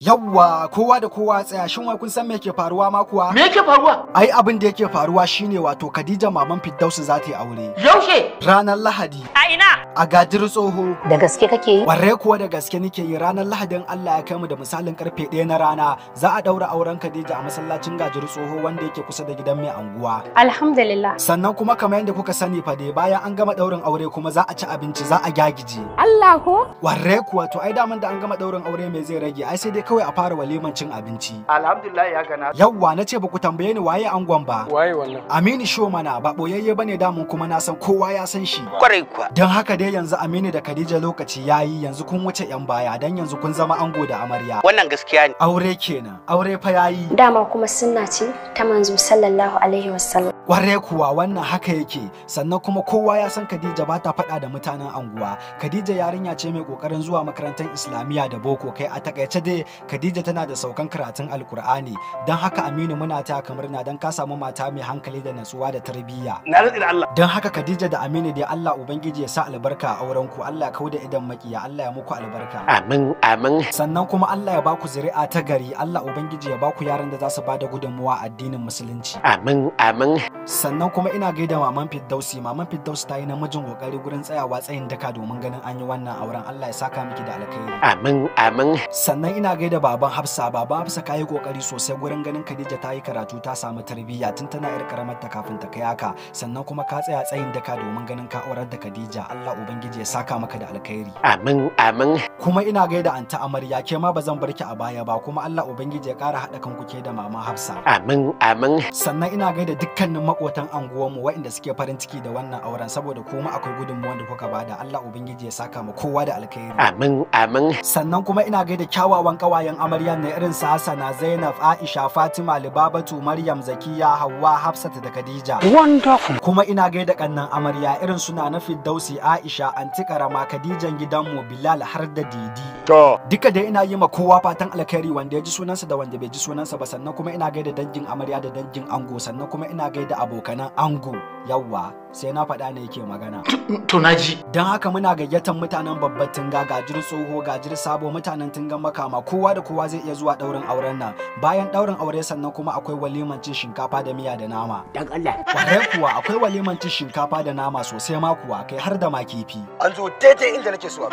Yawwa kowa da kowa tsaya shin wai kun san me ke faruwa ma kuwa? Me yake faruwa? Ai abin da yake faruwa shine wato Khadija maman Firdausu za ta yi aure. Yaushe? Ranar Lahadi. A ina? a gajir tsoho. Da gaske kake yi? kuwa da gaske nike yi ranar Lahadin Allah ya kai mu da misalin karfe 1 na rana za a daura auren Khadija a masallacin gajir tsoho wanda yake kusa da gidan mai anguwa. Alhamdulillah. Sannan kuma kamar yadda kuka sani fa dai bayan an gama daurin aure kuma za a ci abinci za a gyagije. Allah ko? Ware kuwa to ai daman da an gama daurin aure mai zai rage ai sai dai kawai a fara waliman cin abinci. Alhamdulillah ya gana. Yawwa na ce ba ku tambaye ni waye angon ba. Waye wannan? Aminu Shomana ba boyayye bane damun kuma na san kowa ya san shi. Kwarai kuwa. Don haka dai yanzu Aminu da Khadija lokaci yayi yanzu kun wuce yan baya dan yanzu kun zama ango da amarya. Wannan gaskiya ne. Aure kenan. Aure fa yayi. Dama kuma sunna ce ta manzo sallallahu alaihi wasallam. Kwarai kuwa wannan haka yake sannan kuma kowa ya san Khadija ba ta faɗa da mutanen anguwa. Khadija yarinya ce mai kokarin zuwa makarantar Islamiyya da boko kai a takaice dai Khadija tana da saukan karatun Alkur'ani don haka Aminu muna ta kamar na don ka samu mata mai hankali da natsuwa da tarbiyya. Na da Allah. Don haka Khadija da Aminu dai Allah ubangiji ya sa albarka a auren ku Allah ya kauda idan makiya Allah ya muku albarka. Amin amin. Sannan kuma Allah ya ba ku zuri'a ta gari Allah ubangiji ya ba ku yaran da za su bada gudunmuwa addinin musulunci. Amin amin. sannan kuma ina gaida maman fiddausi maman fiddausi ta yi namijin kokari gurin tsayawa tsayin daka domin ganin an yi wannan auren allah ya saka miki da alkhairi amin amin sannan ina gaida baban hafsa baban hafsa ka yi kokari sosai gurin ganin khadija ta yi karatu ta samu tarbiyya tun tana yar karamar ta kafin ta kai haka sannan kuma ka tsaya tsayin daka domin ganin ka aurar da khadija allah ubangiji ya saka maka da alkhairi amin amin kuma ina gaida anta amarya ke ma ba zan bar ki a baya ba kuma allah ubangiji ya kara haɗa kanku ke da mama hafsa amin amin sannan ina gaida dukkanin makotan anguwanmu waɗanda suke farin ciki da wannan auren saboda kuma akwai gudunmuwan da kuka bada Allah ubangiji ya saka mu kowa da alkhairi amin amin sannan kuma ina gaida kyawawan kawayen amarya ne irin su Hassana Zainab Aisha Fatima Libabatu Maryam Zakiya Hawwa Hafsat da Khadija wonderful kuma ina gaida kannan amarya irin suna na Firdausi Aisha Anti Karama Khadijan gidanmu Bilal har da Didi to duka dai ina yi ma kowa fatan alkhairi wanda ya ji sunansa da wanda bai ji sunansa ba sannan kuma ina gaida dangin amarya da dangin ango sannan kuma ina gaida abokanan ango yawwa sai na faɗa ne yake magana. To naji. Don haka muna gayyatar mutanen babbar tunga gajir tsoho gajir sabo mutanen tungan makama kowa da kowa zai iya zuwa ɗaurin auren nan bayan ɗaurin aure sannan kuma akwai walimancin shinkafa da miya da nama. Dan Allah. Kwarai kuwa akwai walimancin shinkafa da nama sosai ma kuwa kai har da ma kifi. An zo daidai inda nake so.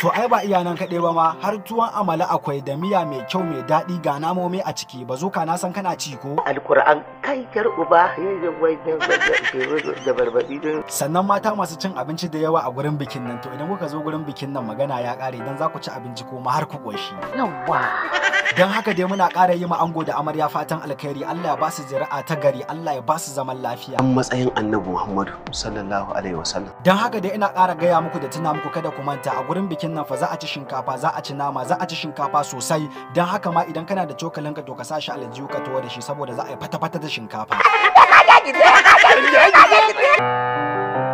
To ai ba iya nan kaɗai ba ma har tuwon amala akwai da miya mai kyau mai daɗi ga namomi a ciki bazuka na san kana ci ko. Alkur'an kai kyar uba. sannan mata masu cin abinci da yawa a gurin bikin nan to idan kuka zo gurin bikin nan magana ya ƙare idan za ku ci abinci ko ma har ku ƙoshi yawwa don haka dai muna ƙara yi ma ango da amarya fatan alkhairi Allah ya ba su zira'a ta gari Allah ya ba su zaman lafiya an matsayin annabi Muhammadu sallallahu alaihi wasallam don haka dai ina ƙara gaya muku da tuna muku kada ku manta a gurin bikin nan fa za a ci shinkafa za a ci nama za a ci shinkafa sosai don haka ma idan kana da cokalin ka to ka sa shi aljihu ka tawo da shi saboda za a yi fata-fata da shinkafa